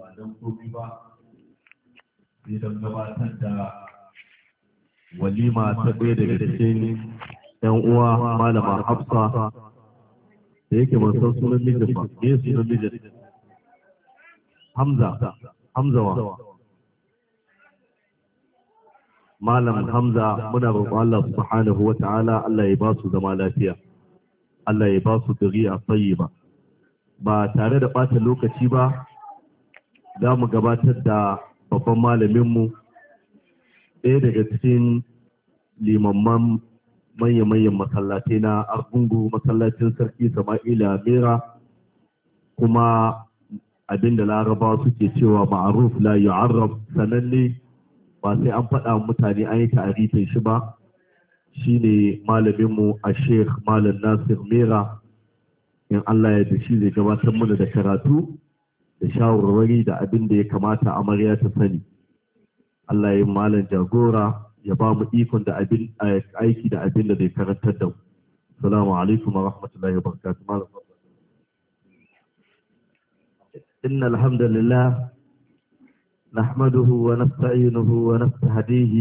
ba don komi ba sai don gabatar da walima ta ɗaya daga cikin ɗan uwa malama hafsa da yake ban san sunan mijin ba ne sunan mijin hamza hamzawa malam hamza muna roƙon Allah subhanahu wa ta'ala Allah ya ba su zama lafiya Allah ya ba su dariya tsayi ba ba tare da ɓata lokaci ba za mu gabatar da babban malaminmu ɗaya daga cikin limamman manya-manyan masallatai na argungu masallacin sarki sama'ila mera kuma abinda larabawa suke cewa ma'aruf la yu'arraf sananne ba sai an faɗa mutane an yi ta'arifin shi ba shine malaminmu a sheikh malam nasir mera in allah ya da shi zai gabatar mana da karatu da shawarwari da abin da ya kamata a amarya ta sani Allah ya malam jagora ya ba mu ikon da abin aiki da abin da zai karantar da mu assalamu alaikum wa rahmatullahi wa barakatuh malam inna alhamdulillah نحمده ونستعينه ونستهديه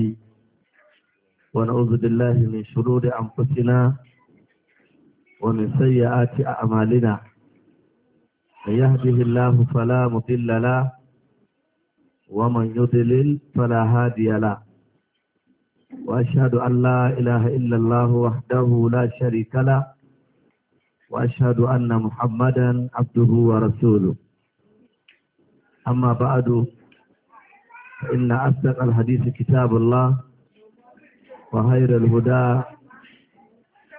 ونعوذ بالله من شرور أنفسنا ومن سيئات أعمالنا يهده الله فلا مضل له ومن يضلل فلا هادي له وأشهد أن لا إله إلا الله وحده لا شريك له وأشهد أن محمدا عبده ورسوله أما بعد فإن أصدق الحديث كتاب الله وخير الهدى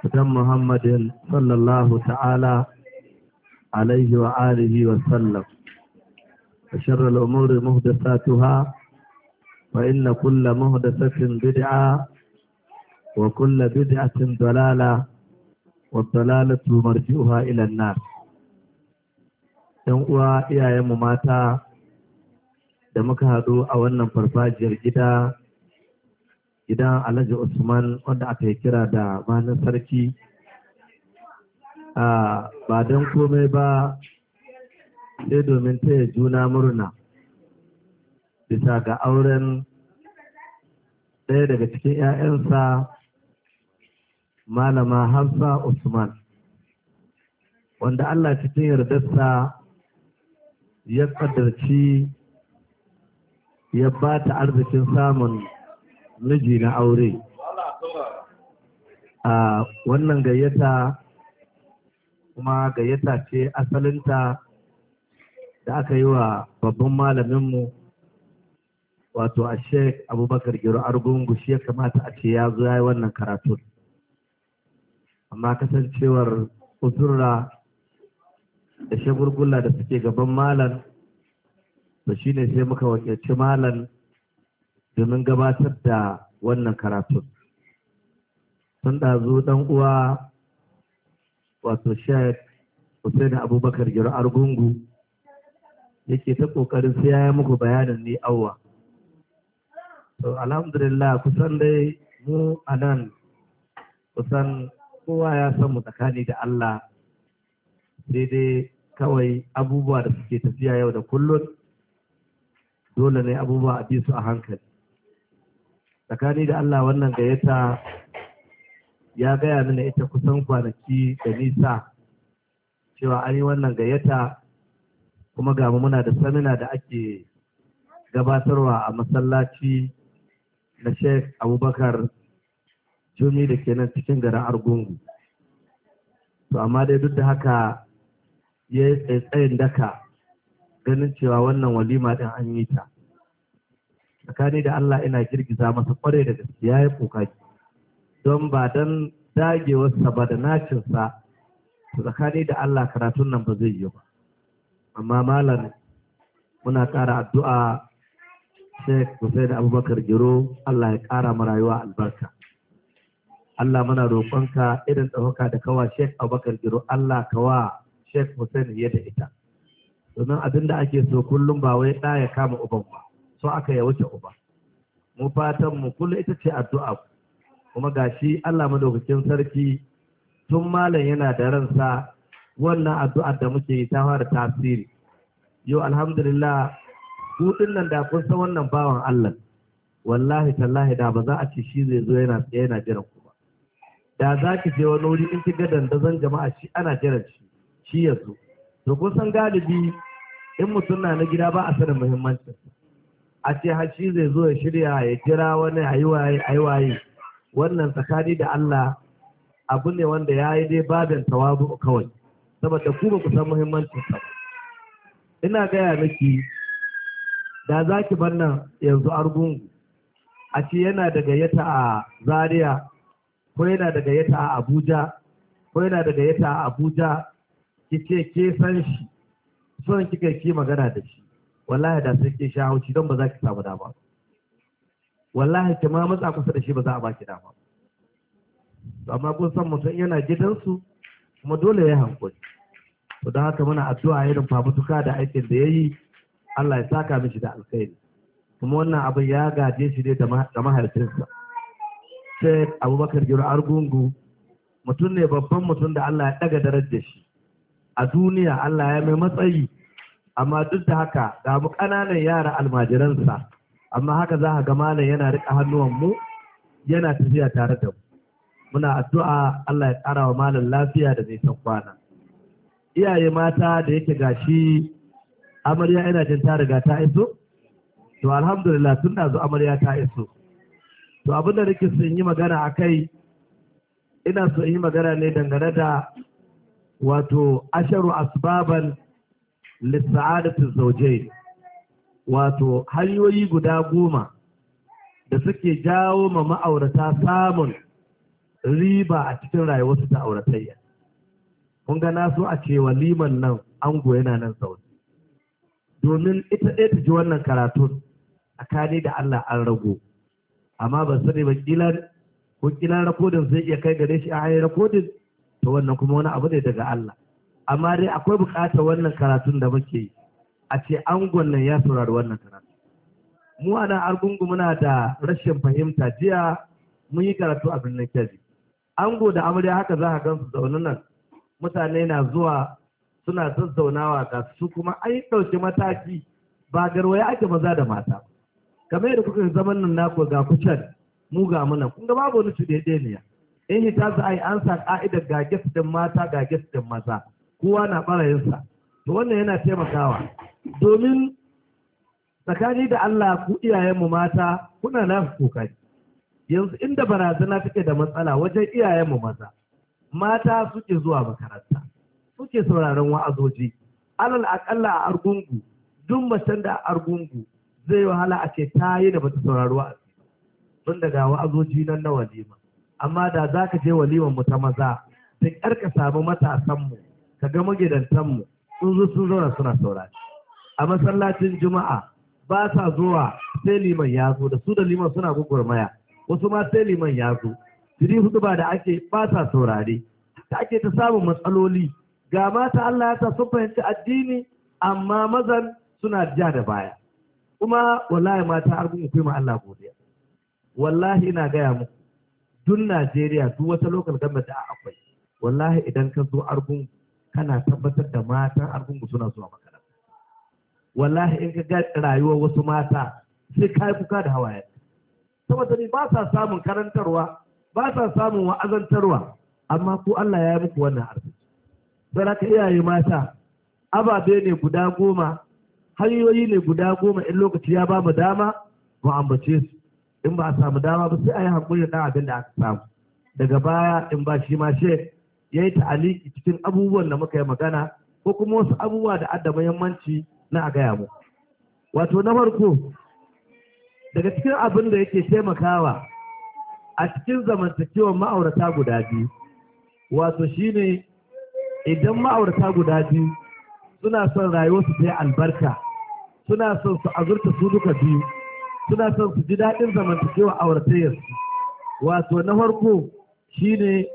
هدى محمد صلى الله تعالى عليه وآله وسلم أشر الأمور مهدساتها وإن كل مهدسة بدعة وكل بدعة ضلالة والضلالة مرجئها إلى النار ‘Yan uwa iyayenmu mata da muka haɗu a wannan farfajiyar gida, gidan Alhaji Usman wanda aka yi kira da manin sarki a ba don komai ba sai domin taya juna murna bisa ga auren ɗaya daga cikin 'ya'yansa malama hafsa usman wanda allah cikin yardarsa ya ƙaddarci ya ba ta arzikin samun miji na aure a wannan gayyata kuma gayyata ce asalinta da aka yi wa babban malaminmu wato a sheik abubakar giro argungu shi ya kamata a ce ya zo ya yi wannan karatu amma kasancewar uzurra da shagulgula da suke gaban malam to shi ne sai muka wakilci malam domin gabatar da wannan karatun sun ɗazu ɗan uwa wato shayar Hussein Abubakar Giro Argungu yake ta kokarin sai ya muku bayanin ne awa To alhamdulillah kusan dai mu a nan kusan kowa ya san mu tsakani da Allah sai dai kawai abubuwa da suke tafiya yau da kullun dole ne abubuwa a bi su a hankali. Tsakani da Allah wannan gayyata ya gaya mana ita kusan kwanaki da nisa cewa an yi wannan gayyata kuma gamu muna da samina da ake gabatarwa a masallaci na sheikh abubakar jumi da ke nan cikin garin argungu to amma dai duk da haka ya yi tsaitsayin daka ganin cewa wannan walima din an yi ta tsakani da allah ina girgiza masa kwarai da gaske ya yi kokaki don ba don dagewarsa ba da nacinsa tsakani da Allah karatun nan ba zai yi ba amma malam muna kara addu'a Sheikh Hussein Abubakar Giro Allah ya kara marayuwa rayuwa albarka Allah muna roƙonka irin ɗaukaka da kawa Sheikh Abubakar Giro Allah kawa Sheikh Hussein ya da ita domin abin da ake so kullum ba wai ɗaya kama uban ba so aka ya wuce uba mu fatan mu kullum ita ce addu'a ku kuma gashi Allah madaukakin sarki tun malam yana da ransa wannan addu'ar da muke yi ta fara tasiri yau alhamdulillah kudin nan da kun san wannan bawan Allah wallahi tallahi da ba za a ci shi zai zo yana tsaye yana jiran ku ba da za ki je wani wuri in ki ga dandazon jama'a shi ana jiran shi shi ya zo to kun san galibi in mutum na na gida ba a sanin muhimmancin a ce har shi zai zo ya shirya ya jira wani ayi waye ayi waye wannan tsakani da Allah abu ne wanda ya yi dai babin tawazu kawai saboda ku ku san muhimmancin sa ina gaya miki da za ki bar nan yanzu argungu a ce yana da gayyata a zaria ko yana da gayyata a abuja ko yana da gayyata a abuja ki ce ke san shi son kika ki magana da shi wallahi da sai ke sha hauci don ba za ki samu da ba wallahi ta ma matsa kusa da shi ba za a baki dama to amma kun san mutum yana gidansu kuma dole ya hankali to don haka muna addu'a irin fafutuka da aikin da ya yi. Allah ya saka mishi da alkhairi kuma wannan abin ya gaje shi ne da mahaifinsa sai abubakar Gero argungu mutum ne babban mutum da Allah ya daga darajar shi a duniya Allah ya mai matsayi amma duk da haka ga mu ƙananan yara almajiransa amma haka za ka ga malam yana riƙa hannuwan mu yana tafiya tare da mu muna addu'a Allah ya ƙara wa malam lafiya da nisan kwana iyaye mata da yake gashi amarya ina jin ta riga ta iso to alhamdulillah tun da zo amarya ta iso to abin da nake so yi magana akai ina so in yi magana ne dangane da wato asharu asbaban lissa'adatu zawjayn wato hanyoyi guda goma da suke jawo ma ma'aurata samun riba a cikin rayuwarsu ta auratayya. Kun ga na so a ce waliman nan ango yana nan zaune. Domin ita ɗaya ta ji wannan karatun kane da Allah an rago. Amma ban ne ba ƙilar, ko ƙilar rakodin zai iya kai gare shi a hanyar rakodin to wannan kuma wani abu ne daga Allah. Amma dai akwai buƙatar wannan karatun da muke yi. a ce angon nan ya saurari wannan karatu mu a argungu muna da rashin fahimta jiya mun yi karatu a birnin kebbi ango da amarya haka za a gan su zaune nan mutane na zuwa suna zazzaunawa ga su kuma an yi ɗauki mataki ba garwaya ake maza da mata kamar yadda kuka zaman nan naku ga kucan mu ga muna kun ga babu wani cuɗeɗeniya in hita su ai an sa ka'idar ga gis din mata ga maza kowa na ɓarayinsa to wannan yana taimakawa domin tsakani da Allah ku iyayenmu mata kuna na kokari yanzu inda barazana take da matsala wajen iyayenmu maza mata suke zuwa makaranta suke sauraron wa'azoji alal akalla a argungu duk macen da argungu zai wahala a ce ta yi da bata saurari wa'azi tun daga wa'azoji nan na walima amma da za ka je waliman mu ta maza da ƙyar ka samu matasanmu ka ga magidantanmu sun zo sun zauna suna saurari a masallacin juma'a ba sa zuwa sai liman ya zo da su da liman suna gugurmaya wasu ma sai liman ya zo jiri hudu ba da ake ba sa saurare da ake ta samun matsaloli ga mata Allah ya sun fahimci addini amma mazan suna ja da baya kuma wallahi mata har gungun kuma Allah godiya wallahi ina gaya muku duk Najeriya duk wata lokal gamba da akwai wallahi idan ka zo argungu kana tabbatar da mata argungu suna zuwa makaranta wallahi in ka ga rayuwar wasu mata sai ka kuka da hawaye saboda ni ba sa samun karantarwa ba sa samun wa'azantarwa amma ku Allah ya yi muku wannan arziki sai ka iyaye mata ababe ne guda goma hanyoyi ne guda goma in lokaci ya ba mu dama mu ambace su in ba a samu dama ba sai a yi hankali da abin da aka samu daga baya in ba shi ma she ya yi ta'aliki cikin abubuwan da muka yi magana ko kuma wasu abubuwa da adda muhimmanci na a gaya mu wato na farko daga cikin abin da yake taimakawa a cikin zamantakewar ma'aurata guda biyu wato shine idan ma'aurata guda biyu suna son rayuwarsu ta yi albarka suna son su azurta su duka biyu suna son su ji daɗin zamantakewa auratayyarsu wato na farko shine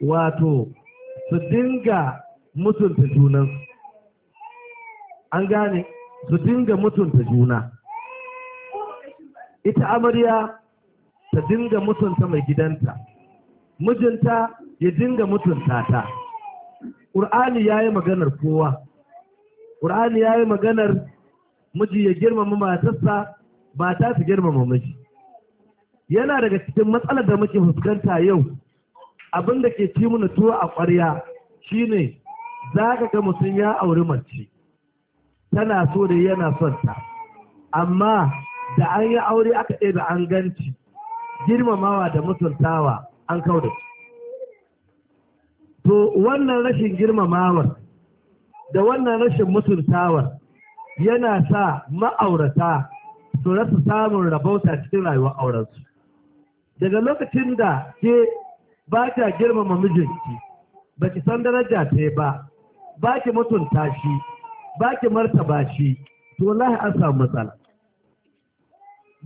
wato su dinga mutunta junansu an gane su dinga mutunta juna ita amarya ta dinga mutunta mai gidanta mijinta ya dinga mutunta ta ƙur'ani ya yi maganar kowa ƙur'ani ya yi maganar miji ya girmama matarsa ba ta su girmama miji yana daga cikin matsalar da muke fuskanta yau abin da ke ci mana tuwo a ƙwarya shine za ka ga mutum ya auri mace tana so da yana son ta amma da an yi aure aka ɗaya da an ganci girmamawa da mutuntawa an kawo da to wannan rashin girmamawar da wannan rashin mutuntawar yana sa ma'aurata su rasa samun rabauta cikin rayuwar aurensu daga lokacin da ke ba ta girmama mijinki ba ki san daraja ta ba ba ki mutunta shi ba ki martaba shi to wallahi an samu matsala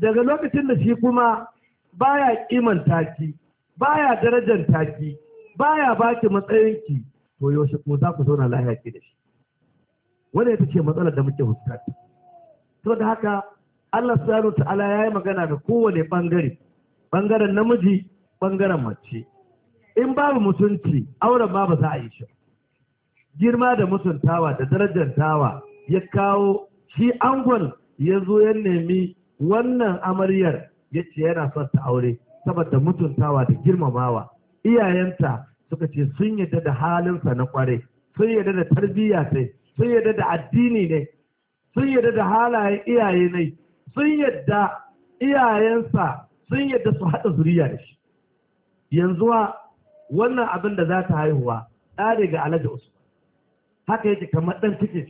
daga lokacin da shi kuma baya kiman taki baya darajar taki baya baki matsayinki to yaushe kuma za ku zauna lahiya ake da shi wanda ita ce matsalar da muke fuskanta to da haka Allah subhanahu ta'ala ya yi magana da kowane bangare bangaren namiji bangaren mace in babu mutunci auren ba ba za a yi shi girma da mutuntawa da darajantawa ya kawo shi angon ya zo ya nemi wannan amaryar ya ce yana son ta aure saboda mutuntawa da girmamawa iyayenta suka ce sun yadda da halinsa na kware sun yadda da tarbiyya sai sun yadda da addini ne sun yadda da halayen iyaye ne sun yadda iyayensa sun yadda su haɗa zuriya da shi yanzuwa wannan abin da za ta haihuwa ɗa daga us haka yake kamar ɗan tiket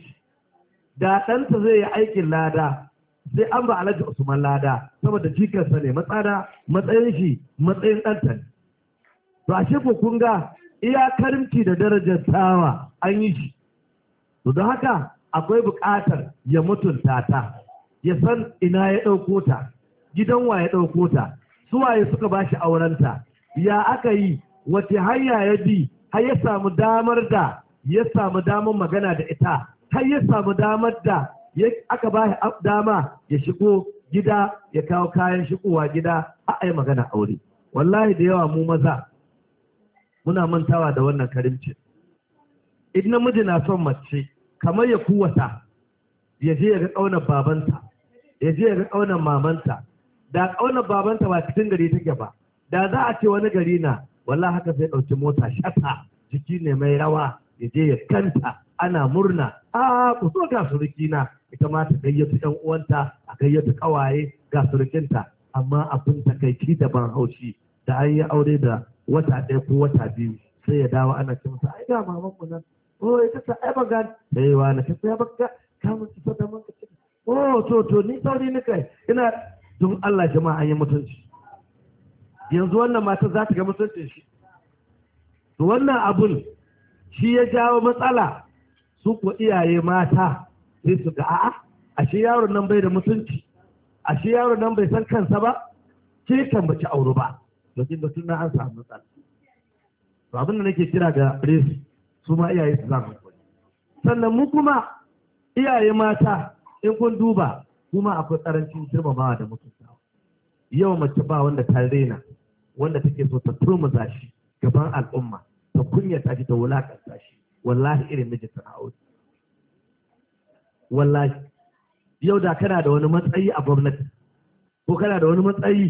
da ɗanta zai yi aikin lada sai an ba alhaji usman lada saboda jikarsa ne matsada matsayin shi matsayin ɗanta ne to a shi kun ga iya karimci da darajar tawa an yi shi to don haka akwai buƙatar ya mutunta ta ya san ina ya ɗauko ta gidan wa ya ɗauko ta suwaye suka ba shi aurenta ya aka yi wace hanya ya bi har ya samu damar da ya samu damar magana da ita har ya samu damar da aka ba dama ya shigo gida ya kawo kayan shigowa gida a yi magana aure wallahi da yawa mu maza muna mantawa da wannan karimci idan namiji na son mace kamar ya kuwata ya je ya ga ƙaunar babanta ya je ya ga ƙaunar mamanta da ƙaunar babanta ba cikin gari take ba da za a ce wani gari na wallahi haka sai ɗauki mota shata jiki ne mai rawa ya je ya kanta ana murna a ku so ga surukina ita ma ta gayyata ɗan uwanta a gayyata kawaye ga surukinta amma abin takaici da ban haushi da an yi aure da wata ɗaya ko wata biyu sai ya dawo ana cin sa ai ga maman mu nan oh ita ta ai baga da eh, yawa na ta ya baka ka mun ci da mun ci oh to to ni sauri ni kai ina don Allah jama'a an yi mutunci yanzu wannan mata za ta ga mutuncin shi wannan abun shi ya jawo matsala su ku iyaye mata sai su ga a'a ashe yaron nan bai da mutunci ashe yaron nan bai san kansa ba ke kan ci aure ba lokacin da suna an samu matsala to abin da nake kira ga resu su ma iyaye su zama sannan mu kuma iyaye mata in kun duba kuma akwai karancin girmamawa da mutuntawa yau mace ba wanda ta rena wanda take so ta turmuza shi gaban al'umma ta kunya ta shi ta wulakanta shi wallahi irin mijin ta aure wallahi yau da kana da wani matsayi a gwamnati ko kana da wani matsayi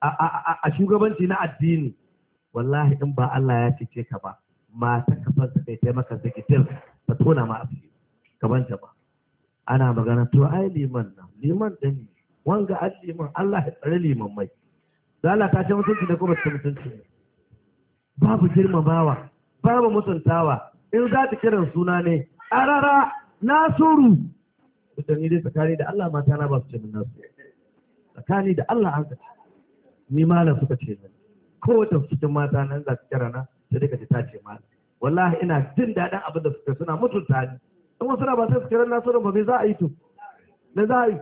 a shugabanci na addini wallahi in ba Allah ya cece ka ba mata kafar da kai taimaka zikitin ta tona ma kaban ta ba ana magana to ai liman nan liman da ni wanga a liman Allah ya tsare liman mai da Allah ta ce mutunci da kuma mutunci ne babu girmamawa babu mutuntawa in za ta kiran suna ne arara nasuru da ni dai tsakani da Allah mata na ba su ce min nasu tsakani da Allah an ka ni malam suka ce min kowace cikin mata nan za su kira na sai dika ji ta ce malam wallahi ina jin daɗin abin da suka suna mutunta ni in wasu na ba sai su kira nasuru ba me za a yi to me za a yi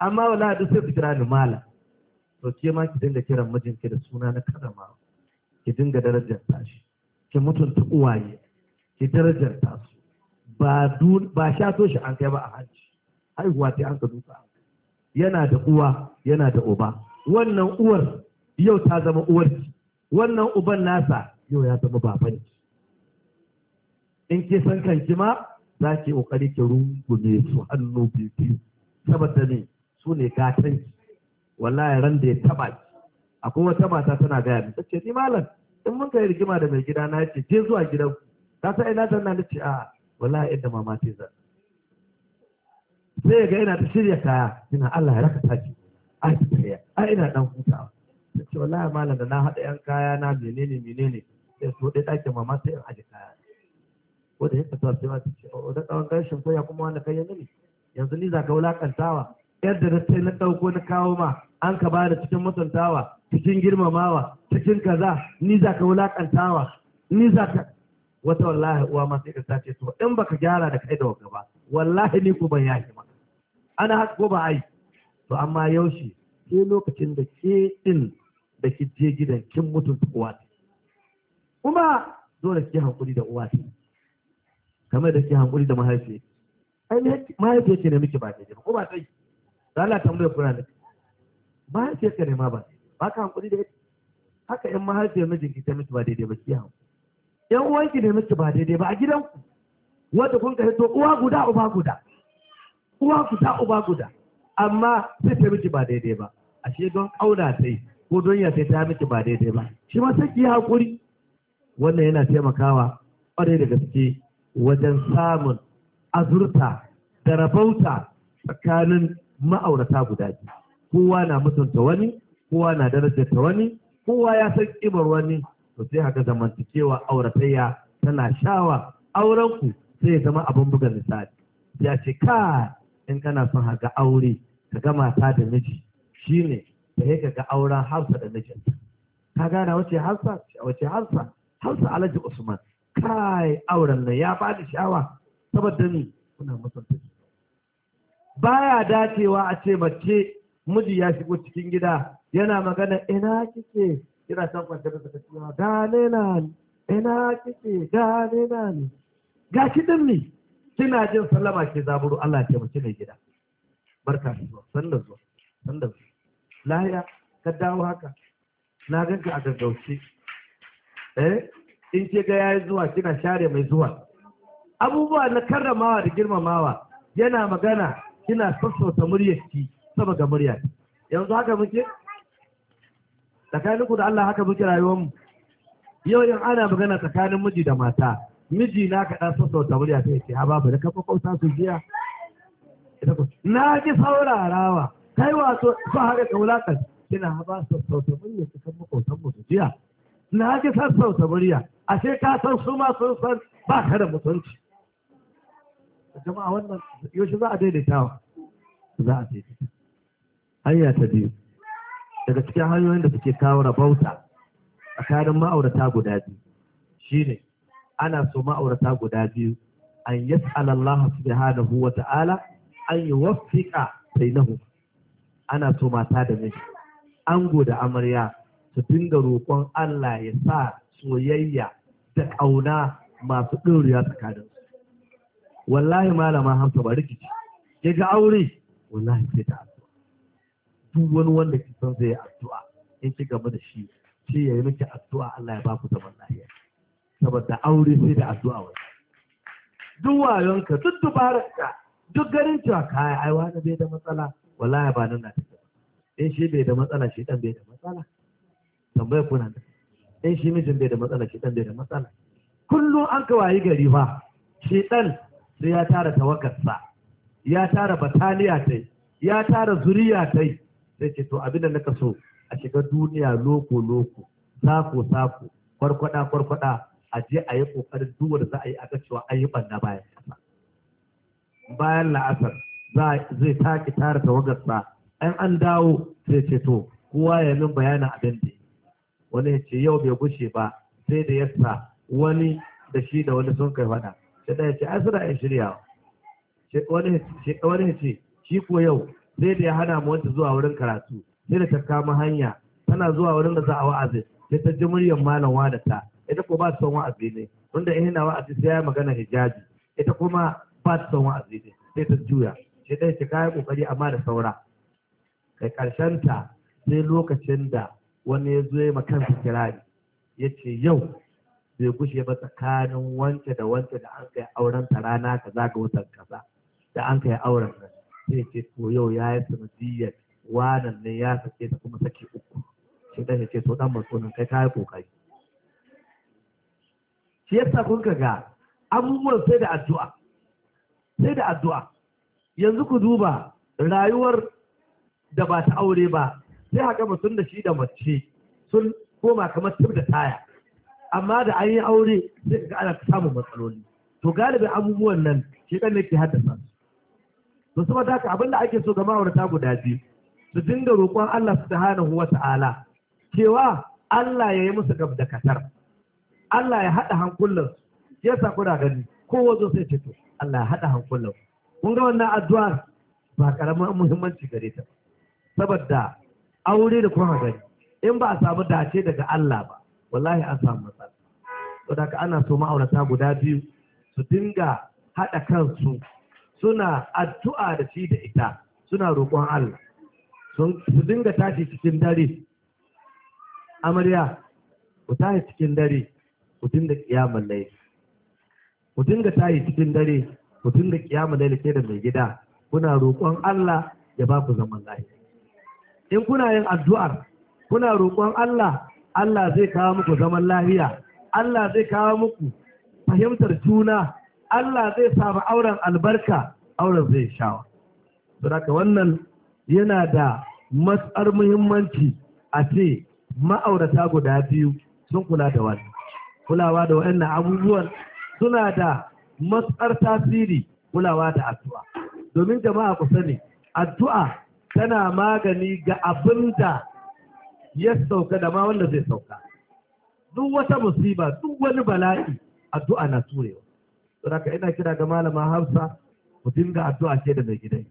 amma wallahi duk sai su kira ni malam to ke ma ki dinga kiran mijinki da suna na karamawa ki dinga darajar tashi ki mutunta uwaye ki darajar tasu ba dun ba shi an kai ba a hajji haihuwa ta an ka duka yana da uwa yana da uba wannan uwar yau ta zama uwarki wannan uban nasa yau ya zama babanki in ke san kanki ma za ki kokari ki rungume su hannu biyu saboda ne su ne gatanki wallahi ran da ya taba ki akwai wata mata tana gaya ni ce ni malam in mun kai rigima da mai gida na ce je zuwa gidan ka sai ina tana na ce a wallahi inda mama ta zan sai ga ina ta shirya kaya ina Allah ya raka taki a tafiya a ina dan hutawa ta ce wallahi malam da na haɗa yan kaya na menene menene sai so dai ɗakin mama ta in aje kaya ko da yake ta sai ma ta ce o da tsawon gashin ya kuma wanda kai yanzu ne yanzu ni za ka wulakantawa yadda na sai na ɗauko na kawo ma an ka bada cikin mutuntawa cikin girmamawa cikin kaza ni za ka wulakantawa ni za ka wata wallahi uwa ma sai ta ce to in baka gyara da kai da wanka ba wallahi ni ku ban yaki ma ana haka ko ba ai to amma yaushe sai lokacin da ke din da ki je gidan kin mutunta uwa kuma dole ki hankuri da uwa kamar da ki hankuri da mahaifi ai mahaifi ce ne miki ba ke ko ba sai Allah tambayar fura ne mahaifiyar ka ne ma ba ba ka hankuri da ita haka yan mahaifiyar mijinki ta miki ba daidai ba ki hawo yan uwanki ne miki ba daidai ba a gidanku wanda kun kai to uwa guda uba guda uwa guda uba guda amma sai ta miki ba daidai ba ashe don kauna ta yi ko don ya sai ta miki ba daidai ba shi ma sai ki hakuri wannan yana taimakawa kwarai da gaske wajen samun azurta da rabauta tsakanin ma'aurata guda biyu kowa na mutunta wani kowa na darajarta wani kowa ya san kibar wani to sai haka zamantakewa auratayya tana shawa aurenku sai ya zama abin buga misali ya ce ka in kana son haga aure ka ga mata da miji shine da yi ga auren Hausa da mijinta ka gana wace Hausa? wace Hausa? Hausa alhaji usman kai auren nan ya bada shawa saboda ni kuna mutunta baya dacewa a ce mace miji ya shigo cikin gida yana magana ina kike kina san kwanta da ta cewa gane na ina kike gane na ne ga ki din ne kina jin sallama ke zaburo Allah ke mace mai gida barka da zuwa sanda zuwa sanda zuwa lahiya ka dawo haka na ganka a gaggauce eh in ce ga yayi zuwa kina share mai zuwa abubuwa na karramawa da girmamawa yana magana kina sassauta muryarki sama ga murya yanzu haka muke tsakaninku da Allah haka muke rayuwar mu yau in ana magana tsakanin miji da mata miji na kaɗa sassauta murya ta yace ha babu da kafa kauta su jiya na ji saurarawa kai wato su haka kaulakan kina ha ba sassauta murya su kan makautan mu jiya na ji sassauta murya ashe ka san su ma sun san ba ka da mutunci jama'a wannan yaushe za a daidaitawa za a daidaita hanya ta biyu daga cikin hanyoyin da suke kawo rabauta tsakanin ma'aurata guda biyu shine ana so ma'aurata guda biyu an yas'ala Allah subhanahu wa ta'ala an yuwaffiqa bainahum ana so mata da miji ango da amarya su dinga roƙon Allah ya sa soyayya da ƙauna masu ɗoriya tsakaninsu wallahi malama hamsa ba rikici ya ga aure wallahi sai ta addu'a duk wani wanda ki san zai addu'a in ki gaba da shi sai ya yi miki addu'a Allah ya baku zaman lafiya saboda aure sai da addu'a wani duk wayonka duk dubaranka duk garin cewa kai ai wani bai da matsala wallahi ba nan na ta in shi bai da matsala shi dan bai da matsala tambaya kuna da in shi mijin bai da matsala shi dan bai da matsala kullum an ka wayi gari fa shi dan sai ya tara tawakarsa ya tara bataliya ta ya tara zuriya ta sai ce to abin da naka so a shiga duniya loko loko sako sako kwarkwada kwarkwada a je a yi kokarin duk da za a yi aka cewa an yi banna bayan kasa bayan la'asar zai taki tara tawagarsa an an dawo sai ce to kowa ya min bayanin abin da wani ya ce yau bai gushe ba sai da yasa wani da shi da wani sun kai faɗa da ya ce ai suna yin shirya wani ya ce shi ko yau sai da ya hana mu wanta zuwa wurin karatu sai da ta kama hanya tana zuwa wurin da za a wa'azi sai ta ji muryar malam wada ta ita ko ba ta son wa'azi ne wanda ya yana wa'azi sai ya magana hijabi ita kuma ba ta son wa'azi ne sai ta juya sai ɗaya ce kayan kokari amma da saura kai ƙarshen ta sai lokacin da wani ya zo ya makansa kirari ya ce yau Zai gushe ba tsakanin wance da wance da an kai auren ta rana kaza ga watan kaza da an kai auren nan sai ce to yau ya yi sanadiyar wanan ne ya sake ta kuma sake uku sai dan ce to dan mutum kai ka yi kokari shi yasa kun ga abubuwan sai da addu'a sai da addu'a yanzu ku duba rayuwar da ba ta aure ba sai haka mutum da shi da mace sun koma kamar tif da taya amma da an yi aure sai ga ana samun matsaloli to galibi abubuwan nan shi kan ke haddasa su to saboda haka abinda ake so ga ma'aurata guda biyu su dinga roƙon Allah subhanahu wa ta'ala cewa Allah ya yi musu gab da katar Allah ya haɗa hankulan ya sa kuna gani ko wazo sai ce to Allah ya haɗa hankulan kun ga wannan addu'a ba karamin muhimmanci gare ta saboda aure da kuma gani in ba a samu dace daga Allah ba wallahi an samu matsala saboda ana so ma'aurata guda biyu su dinga haɗa kansu suna addu'a da shi da ita suna roƙon Allah su dinga tashi cikin dare amarya ku tashi cikin dare ku dinga kiyamar laili ku dinga tashi cikin dare ku dinga kiyamar laili ke da mai gida kuna roƙon Allah ya ba ku zaman lafiya in kuna yin addu'ar kuna roƙon Allah Allah zai kawo muku zaman lafiya Allah zai kawo muku fahimtar juna Allah zai samu auren albarka auren zai shawa saboda wannan yana da matsar muhimmanci a ce ma'aurata guda biyu sun kula da wani kulawa da waɗannan abubuwan suna da matsar tasiri kulawa da addu'a domin jama'a ku sani addu'a tana magani ga abin da ya sauka da ma wanda zai sauka duk wata musiba duk wani bala'i addu'a na turewa don haka ina kira ga malama Hausa ku dinga addu'a ce da mai gidan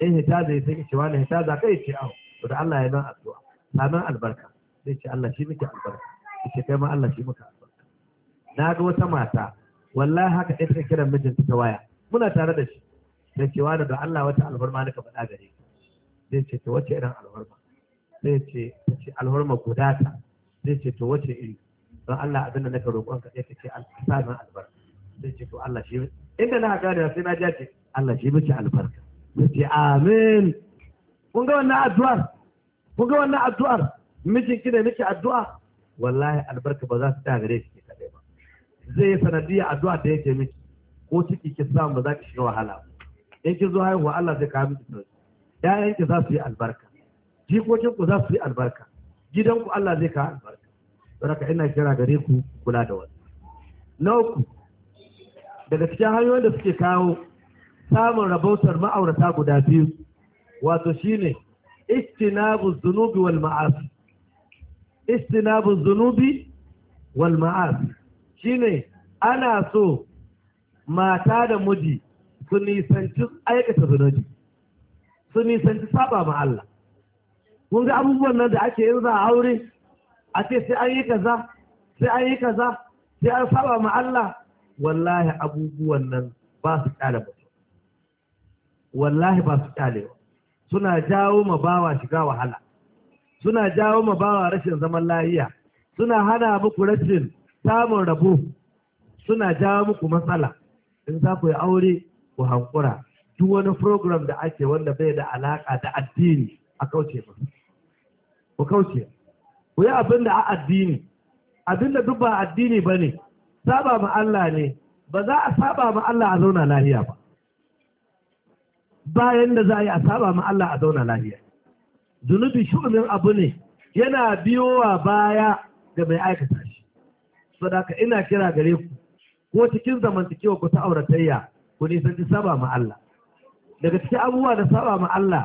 in hita zai sai ce wani hita za yi ce awo to da Allah ya nan addu'a sanan albarka sai ce Allah shi muke albarka ce kai ma Allah shi muke albarka na ga wata mata wallahi haka ita ta kira mijinta ta waya muna tare da shi sai ce wani da Allah wata albarma ka faɗa gare zai ce ta wace irin albarma zai ce ce alhurma guda ta zai ce to wace iri don Allah abin da naka roƙon ka sai ce alsamin albarka zai ce to Allah shi inda na gane sai na ja ce Allah shi miki albarka zai ce amin kun ga wannan addu'ar kun ga wannan addu'ar mijin ki da miki addu'a wallahi albarka ba za su ta gare ki kadai ba zai sanadiyar addu'a da yake miki ko ciki ki samu ba za ki shiga wahala in ki zo haihuwa Allah zai kawo miki sauki ƴaƴan ki za su yi albarka jikokinku za su yi albarka gidanku Allah zai ka albarka baraka ina kira gare ku kula da wani na uku daga cikin hanyoyin da suke kawo samun rabautar ma'aurata guda biyu wato shine istinabu zunubi wal ma'asi istinabu zunubi wal ma'asi shine ana so mata da miji su nisanci aikata zunubi su nisanci saba ma Allah kun ga abubuwan nan da ake yanzu a aure a ce sai an yi kaza sai an yi kaza sai an saba ma Allah wallahi abubuwan nan ba su kyale ba wallahi ba su kyale suna jawo ma bawa shiga wahala suna jawo ma bawa rashin zaman lafiya suna hana muku rashin samun rabo suna jawo muku matsala in za ku yi aure ku hankura duk wani program da ake wanda bai da alaka da addini a kauce masu ku kauce ku yi abin da a addini abin da duk ba addini ba ne saba ma Allah ne ba za a saba ma Allah a zauna lahiya ba bayan da za a yi a saba ma Allah a zauna lahiya zunubi shu'umin abu ne yana biyowa baya ga mai aikata shi Sadaka ina kira gare ku ko cikin zamantakewa ku ta auratayya ku nisanci saba ma Allah daga cikin abubuwa da saba ma Allah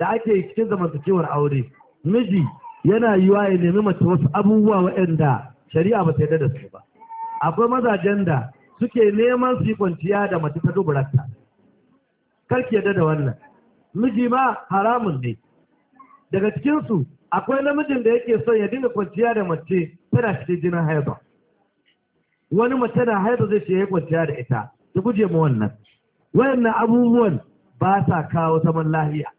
da ake cikin zamantakewar aure miji yana yiwa ya nemi mace wasu abubuwa waɗanda shari'a ba ta yadda da su ba akwai mazajen da suke neman su yi kwanciya da mace ta duburarta karki yarda da wannan miji ma haramun ne daga cikinsu akwai namijin da yake son ya dinga kwanciya da mace tana shirye jinin haihuwa wani mace na haihuwa zai ce kwanciya da ita ta guje mu wannan wayannan abubuwan ba sa kawo zaman lahiya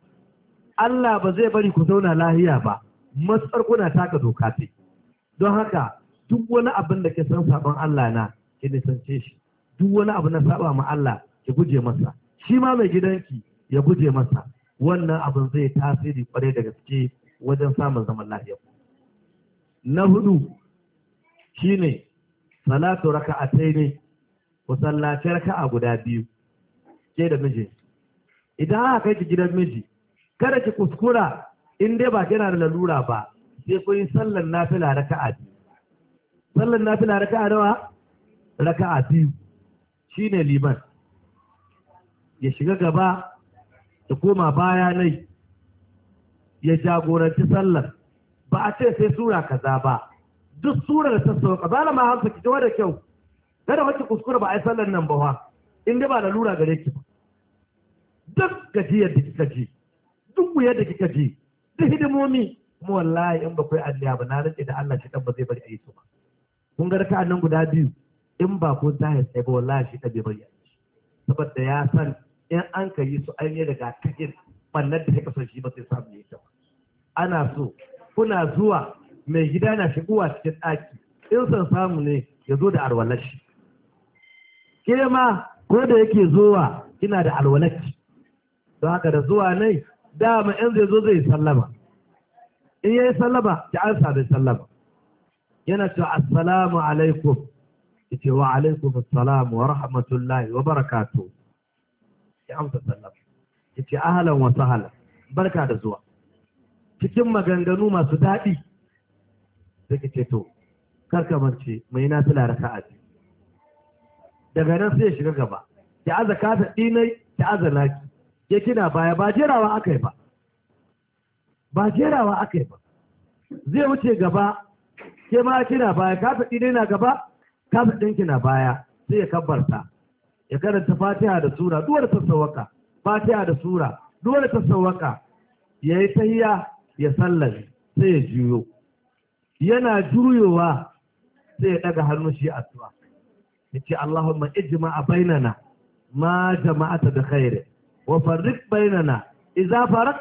Allah ba zai bari ku zauna lahiya ba matsar kuna taka doka ce don haka duk wani abin da ke san sabon Allah na ki nisance shi duk wani abu na saba ma Allah ki guje masa shi ma mai gidanki ya guje masa wannan abin zai tasiri kwarai da gaske wajen samun zaman lahiya. na hudu shi ne, salatu raka'atai ne ku sallaci raka'a guda biyu ke da miji idan aka kai ki gidan miji kada ki kuskura in dai ba kina da lalura ba sai kun yi sallar nafila raka'a biyu sallar nafila raka'a nawa raka'a biyu shine liman ya shiga gaba ya koma baya nai ya jagoranci sallar ba a ce sai sura kaza ba duk surar ta sauka ba ma hamsa ki da kyau kada wacce kuskura ba a yi sallar nan ba wa. in dai ba lalura gare ki ba. duk gajiyar da kika ji duk wuyar da kika ji duk hidimomi kuma wallahi in bakwai Allah ba na rike da Allah shi ba zai bari a yi su ba kun ga nan guda biyu in ba ko ta yi ba wallahi shi bai bari saboda ya san in an ka yi su an yi daga kakin ɓannar da ya san shi ba sai samu yi ta ana so kuna zuwa mai gida na shigowa cikin ɗaki in san samu ne ya zo da alwalashi ke ma ko da yake zuwa kina da alwalashi don haka da zuwa nai dama in zai zo zai sallama in yayi sallama ki ansa da sallama yana cewa assalamu alaikum yace wa alaikum assalam wa rahmatullahi wa barakatuh ya amsa sallama yace ahlan wa sahlan barka da zuwa cikin maganganu masu daɗi da ke to karka mance mai na tula raka'a daga nan sai ya shiga gaba ya aza ta dinai ya aza naki ya kina baya ba jerawa aka yi ba ba jerawa aka yi ba zai wuce gaba ke ma kina baya kafaɗi ne na gaba kafaɗin kina baya sai ya kabbarta ya karanta fatiha da sura duwar ta sawaka fatiha da sura duwar ta sawaka ya yi tahiya ya sallami sai ya juyo yana juyowa sai ya ɗaga hannu shi addu'a ya ce Allahumma ijma'a bainana ma jama'ata da khairin wa farriq bainana idza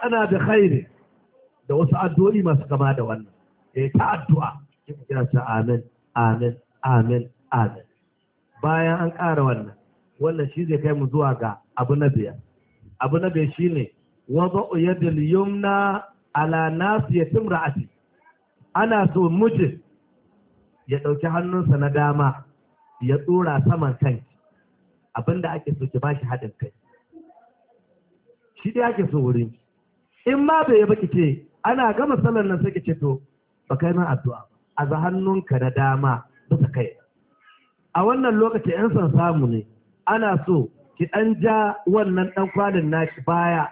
ana bi khairi da wasu addu'o'i masu kama da wannan eh ta addu'a kin kira ta amin amin amin amin bayan an ƙara wannan wannan shi zai kai mu zuwa ga abu na biyar abu na biyar shine wada'u yadil yumna ala nasiyatim ra'ati ana so mutum ya ɗauki hannunsa na dama ya tsora saman kanki abinda ake so ki bashi haɗin kai shi ɗaya ke so wuri in ma bai yi baki ce ana gama sallar nan sai ce to ba kai min addu'a a za hannunka na dama ta kai a wannan lokaci yan san samu ne ana so ki ɗan ja wannan ɗan kwalin nashi baya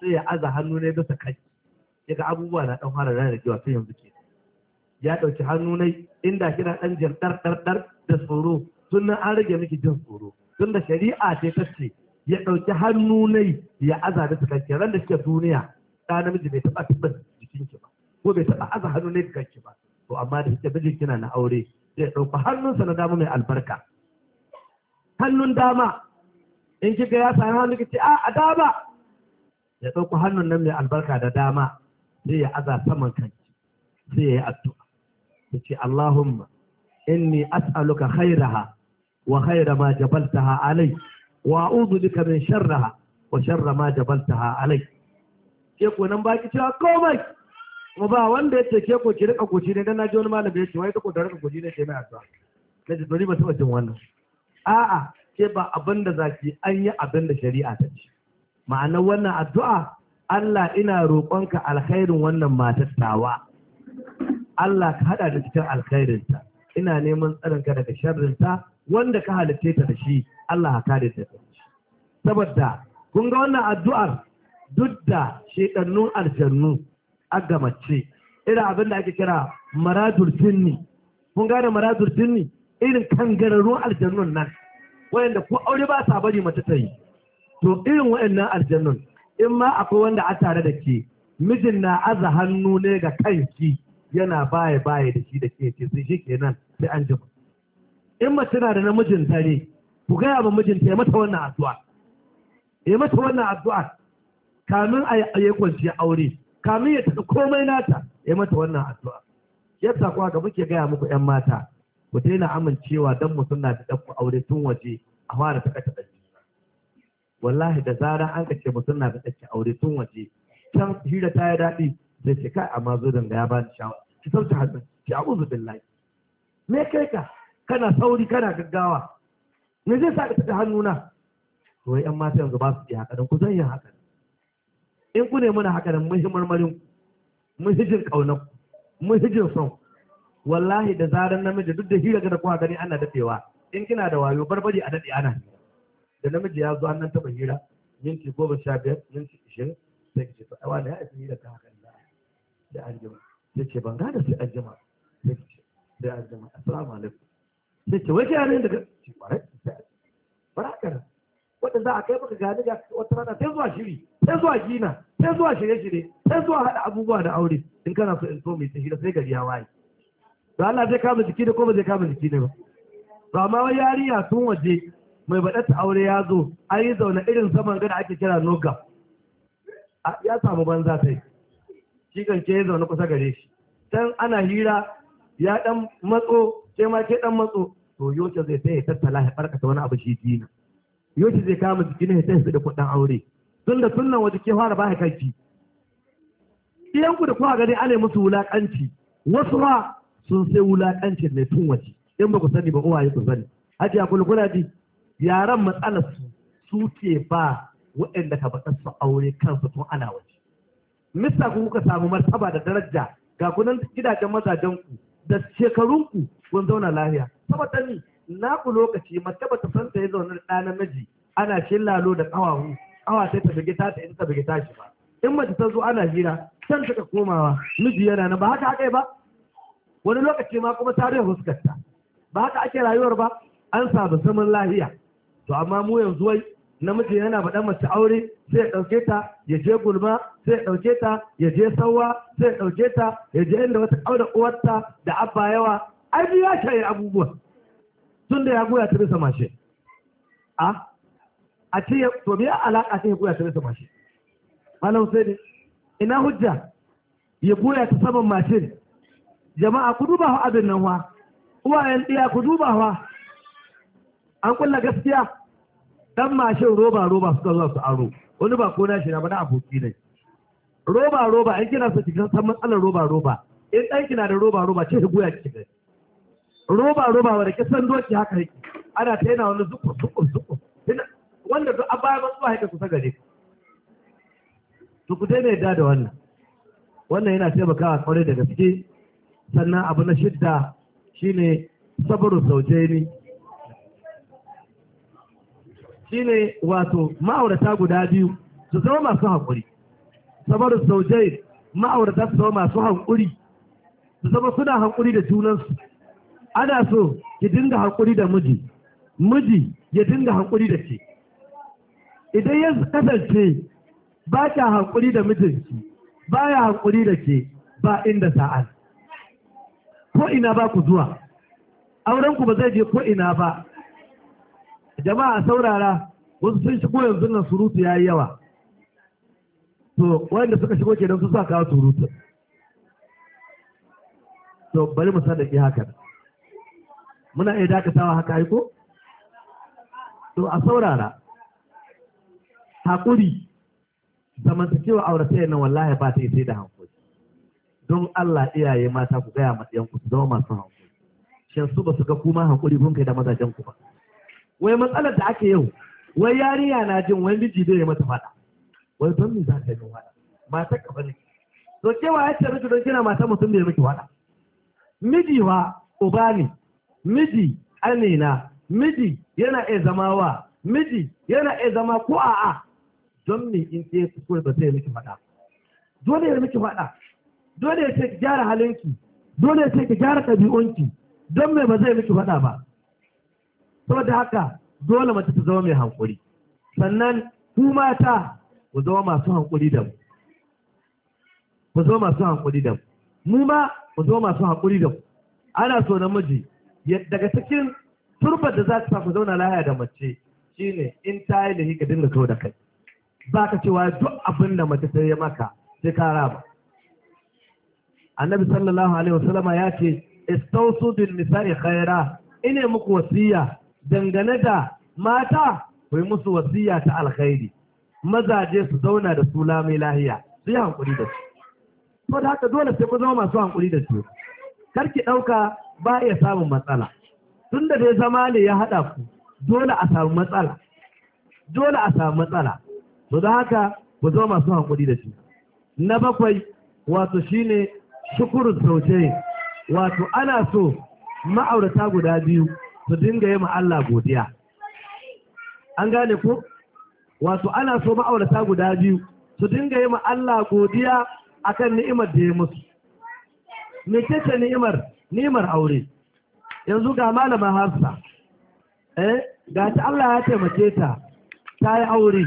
sai ya aza hannu ne ta kai daga abubuwa na ɗan fara ranar jiwa sai yanzu ke ya ɗauki hannu ne inda kina dan jan ɗar ɗar ɗar da tsoro tun an rage miki jin tsoro tun da shari'a ce ta ce ya ɗauki hannu nai ya aza da tukanki ran da suke duniya ɗa namiji bai taɓa taɓa jikinki ba ko bai taɓa aza hannu nai tukanki ba to amma da suke mijin kina na aure zai ya ɗauka hannunsa na dama mai albarka hannun dama in kika ya sami hannu ki ce a ah, a dama ya ɗauka hannun nan mai albarka da dama sai ya aza saman kanki sai ya yi addu'a ya ce Allahumma inni as'aluka khairaha wa khaira ma jabaltaha alai wa a'udhu bika min sharriha wa sharra ma jabaltaha alai ke ko nan baki cewa komai kuma ba wanda ya take ko ki rika goci ne dan naji wani malami ya ce wai ko da rika goci ne sai mai addu'a na ji dori ba taba jin wannan a'a ke ba abin da zaki an yi abin da shari'a ta ce Ma'ana wannan addu'a Allah ina roƙonka alkhairin wannan matattawa. Allah ka hada da cikin alkhairinta ina neman tsarinka daga sharrinta wanda ka halitta ta da shi Allah ka kare ta saboda kun ga wannan addu'ar duk da shedannun aljannu a gamace, irin abin da ake kira maradul jinni kun gane maradul jinni irin kangararrun aljannun nan wayanda ko aure ba ta bari mace ta yi to irin wayannan aljannun in ma akwai wanda a tare da ke mijin na aza hannu ne ga kanki yana baya baya da shi da ke ce sai shi kenan sai an jima in mace na da namijin ne ku gaya ma mijinta ya mata wannan addu'a ya mata wannan addu'a kamin a yi kwanciya aure kamin ya taɗa komai nata ya mata wannan addu'a ya kuwa ga muke gaya muku yan mata ku daina amincewa don mu suna da ɗan aure tun waje a fara taɓa taɓa wallahi da zarar an kace mu suna da ɗan aure tun waje can hira ta yi daɗi zai ce kai amma zo da ya bani shawara ki sauke hannun ki a'udhu billahi me kai ka kana sauri kana gaggawa me zai sa ka tafi hannuna to yan mata yanzu ba su yi haka dan ku zan yi haka in ku ne muna haka dan mun marmarin mun hijin kaunan mun hijin son wallahi da zaran namiji duk da hira ga kuwa gani ana dafewa in kina da wayo barbari a dade ana da namiji ya zo an nan taba hira minti goma sha biyar minti ishirin sai ki ce to ai wani ya isa hira ka haka ne da aljima sai ce ban gane sai anjima sai ce sai anjima assalamu alaikum sai ce wai kai daga ce kwarai sai barakar wanda za a kai maka gani ga wata rana sai zuwa shiri sai zuwa gina sai zuwa shirye-shirye sai zuwa haɗa abubuwa da aure in kana so in so mai tafiya sai gari ya waye to Allah zai kama jiki ne ko ba zai kama jiki ne ba to amma wai yarinya tun waje mai ta aure ya zo an yi zaune irin saman gada ake kira noga ya samu banza ta yi shi kan zaune kusa gare shi dan ana hira ya dan matso sai ma ke dan matso to yoce zai sai ya tattala ya farkata wani abu shi dina yoce zai kama jiki ya sai su da kudin aure tun da nan waje ke fara ba kanki iyan ku da kuwa gani ana musu wulakanci wasu ma sun sai wulakanci ne tun waje in ba ku sani ba uwaye ku sani hajiya kulkuna ji yaran matsalar su su ke ba waɗanda ka ba su aure kansu tun ana waje mista ku kuka samu martaba da daraja ga kunan gidajen mazajen ku da shekarun ku kun zauna lafiya saboda ni na ku lokaci martaba ta san ta yi zaunar da ɗan namiji ana shillalo da ƙawahu ƙawa sai ta bige ta ta in ta bige ta shi ba in mace ta zo ana hira can suka komawa miji yana na ba haka aka yi ba wani lokaci ma kuma tarihin fuskarta, ba haka ake rayuwar ba an samu zaman lahiya to amma mu yanzu wai namiji yana faɗa mace aure sai ɗauke ta ya je gulma sai ɗauke ta ya je sauwa sai ɗauke ta ya je inda wata aure uwarta da abba yawa ai duk ya shayi abubuwa tun da ya goya ta bisa mashe a a ce to me alaƙa ce ya goya ta bisa mashe malam sai ne ina hujja ya goya ta saman mashin jama'a ku duba abin nan wa uwayen ɗiya ku duba wa an kulla gaskiya dan mashin roba roba suka zuwa su aro wani ba ko shi na ba na aboki ne roba roba an kina su cikin san matsalar roba roba in dan kina da roba roba ce goya ki ga roba roba wanda ke san doki haka yake ana ta yana wani zukur zukur zukur wanda duk an ba zuwa haka kusa gare ne to ku dai ne da wannan wannan yana taimakawa kwarai da gaske sannan abu na shidda shine sabaru saujeni shine wato ma'aurata guda biyu su zama masu haƙuri saboda jai ma'aurata su zama masu haƙuri su zama suna haƙuri da junansu ana so ki dinga haƙuri da miji miji ya dinga haƙuri da ke idan ya kasance ba ka haƙuri da mijinki ba ya haƙuri da ke ba inda sa'an ko ina ba ku zuwa aurenku ba zai je ko ina ba jama'a saurara wasu sun shigo yanzu nan surutu ya yi yawa to wanda suka shigo kenan su sa kawo surutu to bari mu sadaki hakan muna iya dakatawa haka aiko to a saurara haƙuri zamantakewa sai na wallahi ba ta yi sai da hankali don Allah iyaye mata ku gaya ma ku su zama masu hankali shan su ba su ga kuma hankali kun kai da mazajen ku ba wai matsalar da ake yau wai yariya na jin wai miji bai mata fada wai don me za ta yi wada mata kafa ne to ke wa yace miki don kina mata mutum bai miki wada miji wa uba ne miji anina miji yana iya zama wa miji yana iya zama ko a'a don me in su kuskure ba zai miki fada dole ya miki fada dole ya ce ki gyara halinki dole ya ce ki gyara ɗabi'unki don me ba zai miki fada ba saboda haka dole mace ta zama mai hankuri sannan ku mata ku zama masu hankuri da mu ku zama masu hankuri da mu mu ma ku zama masu hankuri da mu ana so namiji daga cikin turbar da za ta ku zauna lahiya da mace shine in ta yi da ka dinga so da kai ba ka cewa duk abin da mace ta yi maka sai ka raba annabi sallallahu alaihi wasallama ya ce istausu bil misali khaira ine muku wasiya dangane da mata ku musu wasiya ta alkhairi mazaje su zauna da su lamai lahiya su yi hankuri da su to da haka dole sai mu zama masu hankuri da su kar ki ɗauka ba iya samun matsala tun da dai zama ne ya haɗa ku dole a samu matsala dole a samu matsala to da haka ku zama masu hankuri da su na bakwai wato shine shukuru sauce wato ana so ma'aurata guda biyu su dinga yi Allah godiya an gane ku? wato ana so ma'aurata guda biyu su dinga yi Allah godiya akan ni'imar da ya musu mecece ni'imar ni'imar aure yanzu ga malama hafsa eh ga ta Allah ya taimake ta ta yi aure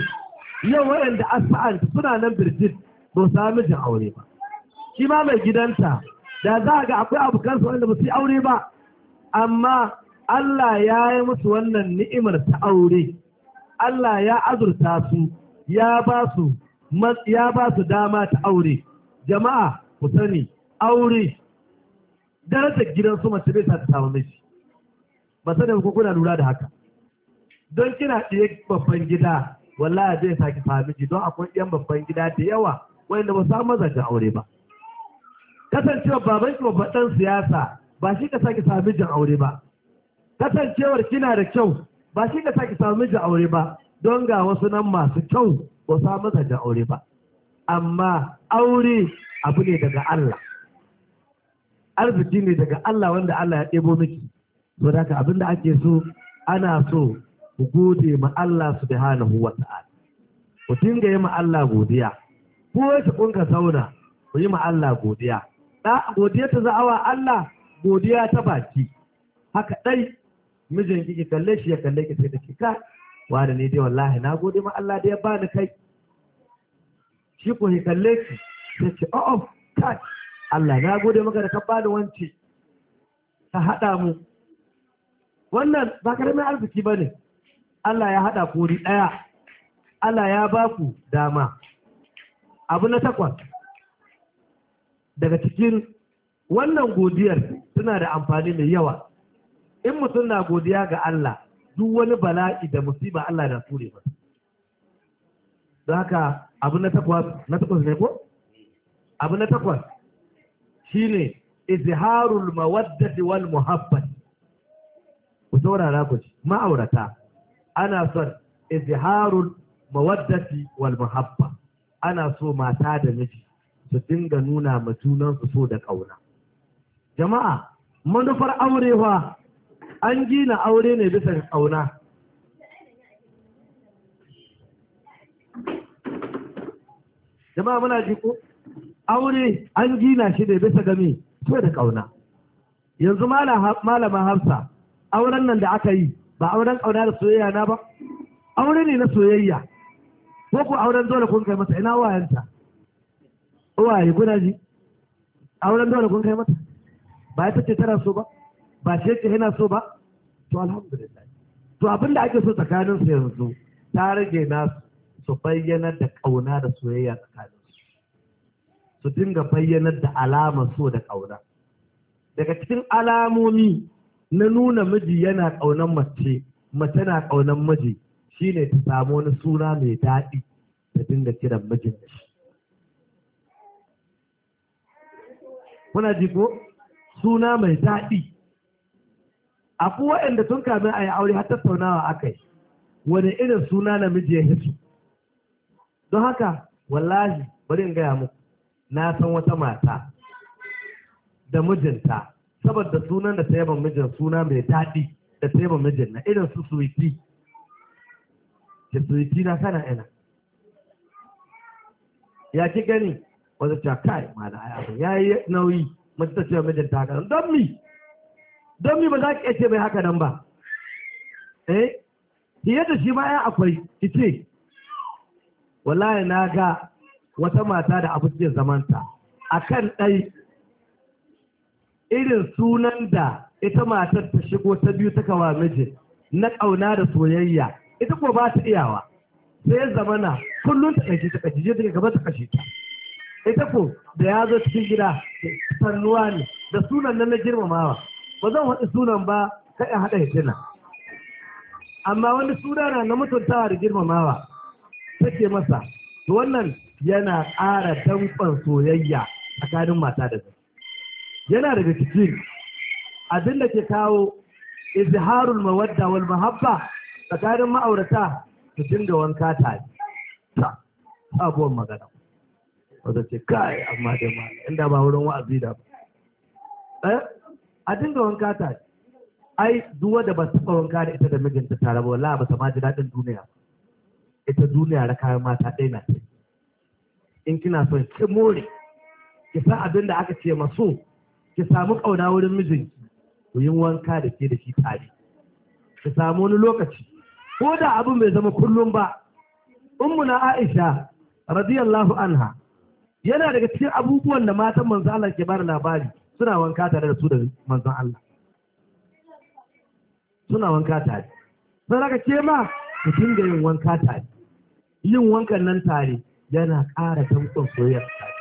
yau waɗanda asfa'an suna nan birjit ba su mijin aure ba shi ma mai gidanta da za ga akwai abokansu wanda ba su yi aure ba amma Allah ya yi musu wannan ni'imar ta aure Allah ya azurta su ya ba su dama ta aure jama'a ku sani aure darajar gidan su mace bai ta samu miji ba sanin da kuna lura da haka don kina ɗaya babban gida wallahi zai saki samu miji don akwai ɗayan babban gida da yawa wanda ba su ga aure ba kasancewa baban ki babban siyasa ba shi ka saki samu mijin aure ba kasancewar kina da kyau ba shi da sake samu miji aure ba don ga wasu nan masu kyau ba samu da aure ba amma aure abu ne daga Allah arziki ne daga Allah wanda Allah ya ɗebo miki saboda da haka abinda ake so ana so ku gode ma Allah subhanahu wa ta'ala ku dinga yi ma Allah godiya ko wace kun ka sauna ku yi ma Allah godiya da godiya ta za'awa Allah godiya ta baki haka ɗai. mijin ki kalle shi ya kalle ki sai da ka wani ne dai wallahi na gode ma Allah da ya bani kai shi ko ya kalle ki sai ce oh, oh kai Allah na gode maka da ka bani wanci ka hada mu wannan ba karamin arziki bane Allah ya hada kori daya Allah ya ba ku dama abu na takwas daga cikin wannan godiyar suna da amfani mai yawa in mutum na godiya ga Allah duk wani bala'i da musiba Allah na ture ba don haka abu na takwas na takwas ne ko abu na takwas shine izharul mawaddati wal muhabbat ku saurara ku ci, ma'aurata ana son izharul mawaddati wal muhabba ana so mata da miji su dinga nuna ma junansu so da kauna jama'a manufar aurewa an gina aure ne bisa ga ƙauna jama'a muna ji ko aure an gina shi ne bisa ga me to da ƙauna yanzu malama hamsa auren nan da aka yi ba auren ƙauna da soyayya na ba aure ne na soyayya ko ku auren dole kun kai mata ina wayanta waye guda ji auren dole kun kai mata ba ita ce tana so ba ba ce ce yana so ba to alhamdulillah to abin da ake so tsakanin su yanzu ta rage na su bayyanar da kauna da soyayya tsakanin su su dinga bayyanar da alama so da kauna daga cikin alamomi na nuna miji yana kaunan mace mace na kaunan miji shine ta samu wani suna mai daɗi ta dinga kiran mijin da shi kuna ji ko suna mai daɗi akwai waɗanda tun kamin a yi aure har tattaunawa aka yi wani irin suna namiji ya hisu don haka wallahi bari in gaya muku na san wata mata da mijinta saboda sunan da ta mijin suna mai daɗi da ta mijin na irin su suwiti da suwiti na sana ina ya ki gani wata cakai ma da ya yi nauyi mace ta ce mijinta haka don mi don mi ba za ki ce mai haka nan ba eh fiye da shi ma ya akwai ki ce wallahi na ga wata mata da abu abincin zamanta a kan ɗai irin sunan da ita matar ta shigo ta biyu ta kawa mijin na ƙauna da soyayya ita ko ba ta iyawa sai ya zamana kullum ta ɗauki ta kashi je ta gaba ta kashe ta ita ko da ya zo cikin gida sannuwa ne da sunan nan na girmamawa ba zan haɗa sunan ba ka in haɗa hitina amma wani suna na na mutuntawa da girmamawa take masa to wannan yana ƙara danƙon soyayya tsakanin mata da zai yana daga cikin abin da ke kawo izharul mawadda wal mahabba tsakanin ma'aurata su dinga wanka ta tare ta abuwan magana wanda ce kai amma dai ma inda ba wurin wa'azi da ba eh? a dinga wanka ta ai duwa da ba taɓa wanka da ita da mijinta tare ba wallahi ba ta ma ji daɗin duniya ita duniya da kayan mata ɗaya na ta in kina son ki more ki san abin da aka ce maso ki samu ƙauna wurin mijinki ku yi wanka da ke da shi tare ki samu wani lokaci ko da abin bai zama kullum ba na aisha radiyallahu anha yana daga cikin abubuwan da matan manzo Allah ke bada labari suna wanka tare da su da manzon Allah suna wanka tare sai daga ke ma ku dinga yin wanka tare yin wankan nan tare yana ƙara tankon soyayyar tare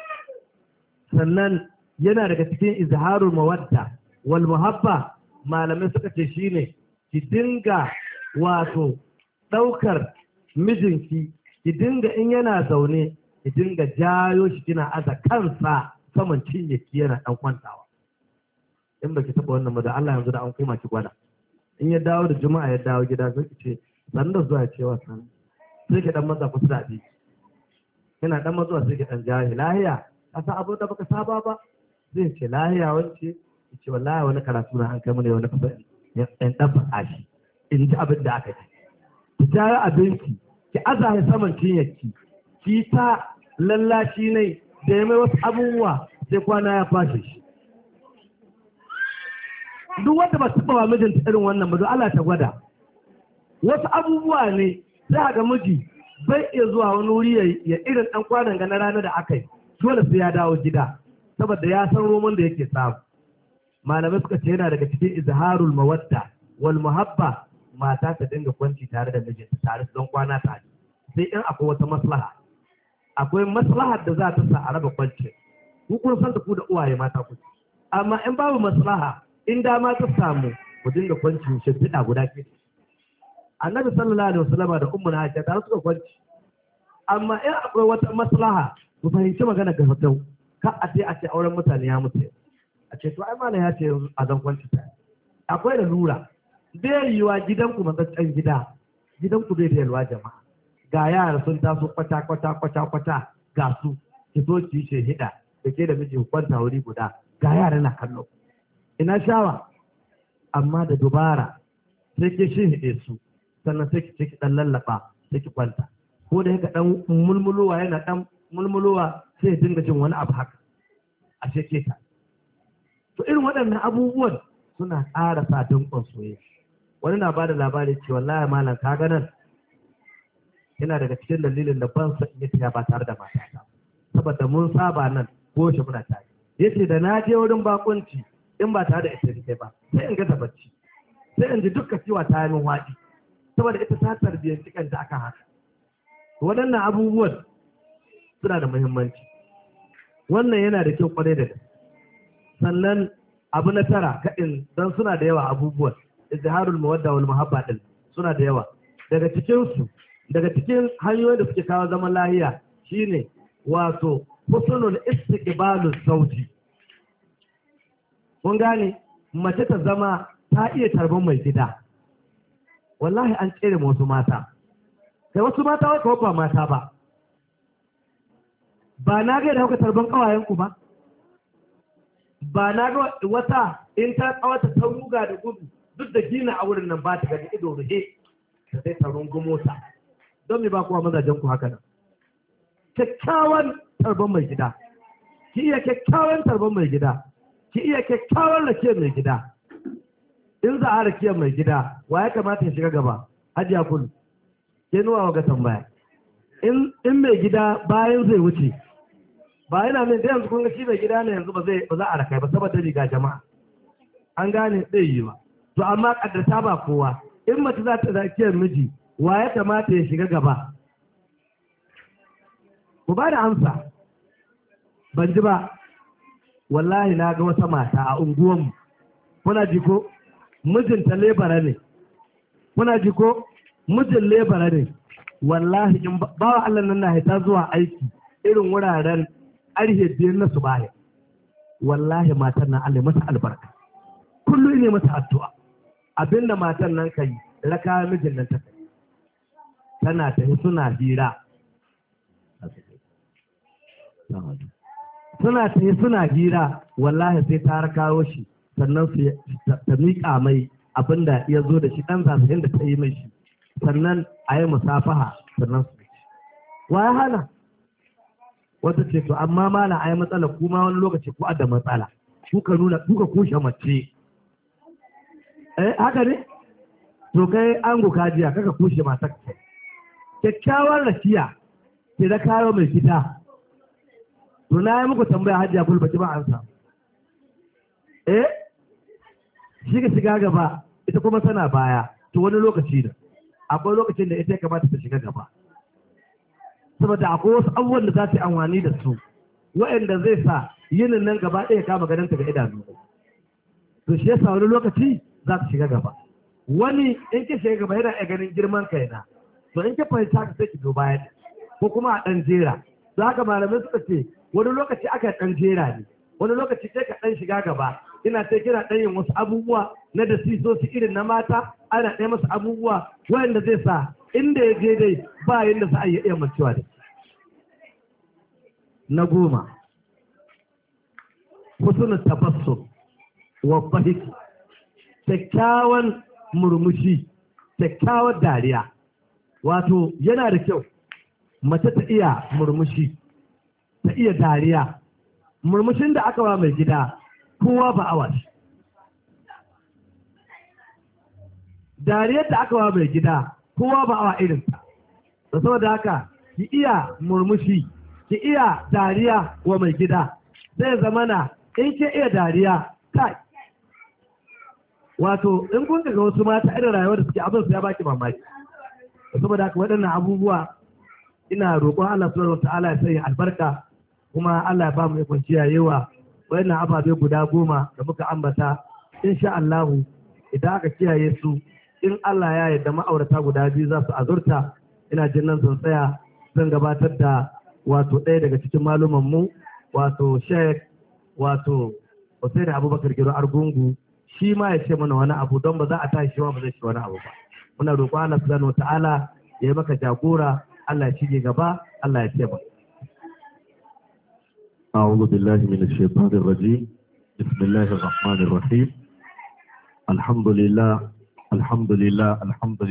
sannan yana daga cikin izharul mawadda wal muhabba malamai suka ce shine ki dinga wato ɗaukar mijinki ki dinga in yana zaune ki dinga jayo shi kina aza kansa saman cinye ki yana ɗan kwantawa in baki taba wannan ba da Allah yanzu da an koma ki gwada in ya dawo da juma'a ya dawo gida sai ki ce san da zuwa cewa san sai ki dan maza kusa da abi yana dan matsuwa sai ki dan jahi lahiya asa abu da baka saba ba zai ce lahiya wance ki ce wallahi wani karatu na an kai mana wani ya in dafa ashi in ji abin da aka ji. ki a abinki ki azahi saman cinyarki ki ta lallashi ne da ya mai wasu abubuwa sai kwana ya fashe shi duk wanda ba su ba mijinta irin wannan ba Allah ta gwada wasu abubuwa ne za ga miji bai iya zuwa wani wuri ya irin dan kwanan ga na rana da aka yi dole sai ya dawo gida saboda ya san roman da yake samu malamai suka ce yana daga cikin izharul mawadda wal muhabba mata ta dinga kwanci tare da mijinta tare don kwana tare sai in akwai wata maslaha akwai maslaha da za ta sa a raba kwanci ku kun san ku da uwaye mata ku amma in babu maslaha in dama ta samu mu dinga kwanci shimfiɗa guda biyu annabi sallallahu alaihi wasallama da ummu aisha tare suka kwanci amma in akwai wata maslaha ku fahimci magana ga fatau ka a ce a ce auren mutane ya mutu a ce to ai mala ya ce a zan kwanci ta akwai da lura bai yiwa gidanku matsatsen gida gidanku zai da yalwa jama'a ga yara sun taso kwata kwata kwata kwata ga su ki zo ki yi shehida da ke da miji kwanta wuri guda ga yara na kallo ina shawa amma da dubara sai ke shi su sannan sai ki ki dan lallaba sai ki kwanta ko da yake dan mulmuluwa yana dan mulmuluwa sai dinga jin wani abu haka a sheke ta to irin waɗannan abubuwan suna ƙara sa danƙon soyayya wani na bada labari cewa wallahi malam ka ga nan yana daga cikin dalilin da ban sa iya tafiya ba tare da matata saboda mun saba nan ko shi muna tare yace da na je wurin bakunci in ba tare da ita kai ba sai in ga ta bacci sai in ji dukkan cewa ta yi min waɗi saboda ita ta tarbiyyar kanta aka haka waɗannan abubuwan suna da muhimmanci wannan yana da kyau kwarai da sannan abu na tara kaɗin don suna da yawa abubuwan izharul mawadda wal muhabba din suna da yawa daga cikinsu daga cikin hanyoyin da suke kawo zaman lahiya shine wato husnul istiqbalus sauti Mun gane mace ta zama ta iya tarban mai gida wallahi an tsere wasu mata sai wasu mata wai kawai ba mata ba ba na ga da kuka tarban kawayen ku ba ba na ga wata in ta tsawata ta ruga da gudu duk da gina a wurin nan ba ta gani ido ruhe da sai ta rungumo mota don me ba kuwa mazajen ku haka nan kyakkyawan tarban mai gida ki iya kyakkyawan tarban mai gida ki iya kyakkyawar rakiyar mai gida in za a rakiyar mai gida wa ya kamata ya shiga gaba hajiya kun ke nuwa gatan baya. in mai gida bayan zai wuce ba yana min da yanzu kunga shi mai gida ne yanzu ba zai za a rakai ba saboda riga jama'a an gane zai yi ba to amma kaddata ba kowa in mace za ta rakiyar miji wa ya kamata ya shiga gaba ku ba da amsa ban ji ba wallahi na ga wata mata a unguwanmu kuna ji ko mijinta lebara ne kuna ji ko mijin lebara ne wallahi in bawa Allah nan na ta zuwa aiki irin wuraren arhejiyar na su baya wallahi matan nan Allah masa albarka kullu ne masa addu'a abinda matan nan kai raka mijin nan ta kai tana tafi suna hira suna tafi suna hira wallahi sai ta kawo shi sannan su ta miƙa mai abin da ya zo da shi ɗan zafin da ta yi mai shi sannan a yi musafaha sannan su wa ya hana wata ce to amma mala a yi matsala kuma wani lokaci ko da matsala kuka nuna kuka kushe mace eh haka ne to kai an guka jiya kaka kushe mata kyakkyawar rakiya ke da kayo mai fita to na yi muku tambaya hajji abul baki ba ansa eh ka shiga gaba ita kuma tana baya to wani lokaci da akwai lokacin da ita ya kamata ta shiga gaba saboda akwai wasu abubuwan da za ta yi amfani da su waɗanda zai sa yinin nan gaba ɗaya kama ganin ta ga idanu to shi yasa wani lokaci za ta shiga gaba wani in ki shiga gaba yana iya ganin girman kai na to in ki fahimta ka sai ki zo baya ko kuma a ɗan jera za ka malamai suka ce wani lokaci aka ɗan jera ne wani lokaci sai ka ɗan shiga gaba ina sai kira ɗan yin wasu abubuwa na da su irin na mata ana ɗaya masu abubuwa wanda zai sa inda ya je dai ba yadda sa ya iya mantuwa da na goma husnul tabassum wa kyakkyawan murmushi kyakkyawar dariya wato yana da kyau mace ta iya murmushi ta iya dariya murmushin da aka wa mai gida kowa ba awa shi dariyar da aka wa mai gida kowa ba awa irinta da saboda haka ki iya murmushi ki iya dariya wa mai gida zai zama na in ke iya dariya kai wato in kun ga wasu mata irin rayuwar da suke abin su ya baki mamaki saboda haka waɗannan abubuwa ina roƙon Allah subhanahu ta'ala ya sanya albarka kuma Allah ya bamu ikon wai wayannan ababe guda goma da muka ambata insha Allah idan aka kiyaye su in Allah ya yarda ma'aurata guda biyu za su azurta ina jin nan zan tsaya zan gabatar da wato ɗaya daga cikin maluman mu wato Sheikh wato Hussein Abubakar Giro Argungu shi ma ya ce mana wani abu don ba za a tashi ba zai shi wani abu ba muna roƙo Allah subhanahu wa ta'ala ya yi maka jagora Allah ya shige gaba Allah ya ce ba أعوذ بالله من الشيطان الرجيم بسم الله الرحمن الرحيم الحمد لله الحمد لله الحمد لله